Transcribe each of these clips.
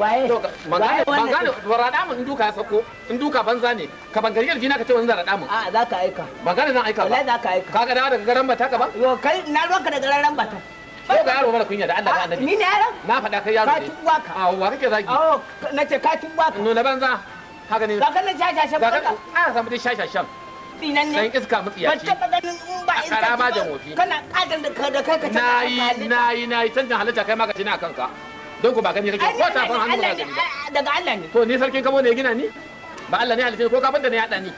waye magana magana rada mun duka ya sako in duka banza ne ka bangare yarfi na ka ce wannan rada mun a za ka aika magana zan aika ba wallahi za ka aika kaga dawo daga garan bata ka ba yo kai na ruwanka daga garan bata ko ga yaro mara kunya da Allah ga annabi ni ne yaron na faɗa kai yaro ne ka tuwa ka a wa kake zagi oh nace ka tuwa ka no na banza haka ne na kana shashashan ka a samu dai shashashan dinan ne dan iska mutsiyaci ban taba ganin in ba iska ba. da wofi kana kadan da kai ka ta nayi nayi nayi tantan halitta kai ma ka tina kanka don ko ba gani kake ko ta fara hannu gani ba daga Allah ne to ni sarkin kabo ne gina ni ba Allah ne halice ko ka da ne hada ni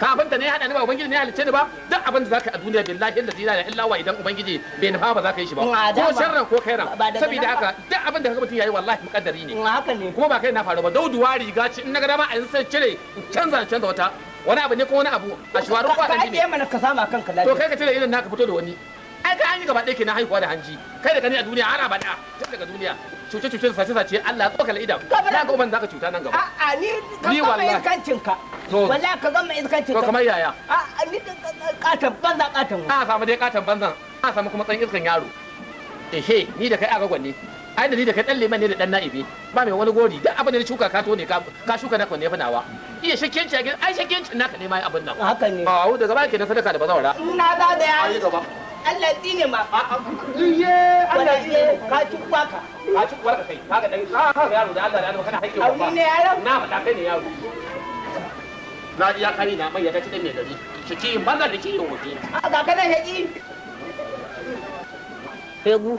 ka da ne hada ni ba ubangiji ne halice ni ba duk abin da zaka a duniya billahi illa ilaha illa wa idan ubangiji bai nufa ba zaka yi shi ba ko sharran ko kairan saboda haka duk abin da kaga mutun yayi wallahi mukaddari ne haka ne kuma ba kai na faru ba dauduwa riga ci in naga dama a yin sai cire canza canza wata wani abu ne ko wani abu a shawarar kwatanci ne ka ajiye mana ka sama kanka lafiya to kai ka cire irin naka fito da wani ai ka an yi gaba ɗaya kenan haihuwa da hanji kai da kani a duniya har abada tun daga duniya cuce cuce sace sace Allah tsoka la idan na ga uban zaka cuta nan gaba a ni ka mai kancin ka wallahi ka gama kancin ka to kamar yaya a ni katan banza katan a samu dai katan banzan a samu kuma tsan iskan yaro ehe ni da kai aka gwanne ai da ni da kai dan leman ne da dan na'ibi ba mai wani gori duk abin da ni shuka ka to ne ka shuka naka ne fa iya shakkenci a gidan ai shakkenci naka ne ma abin nan haka ne a daga baya ke na sadaka da bazawara na za da ya yi gaba Allah ya tsine ma iye Allah ya ka ci kwaka ka ci kwaka kai kaga dan ka ka yaro da Allah da Allah kana hakki ba ne yaro na fada kai ne yaro na ji ya kani na mai ya tace mai gari ciki maza da kiyo mutum a ga kana haƙi Hegu.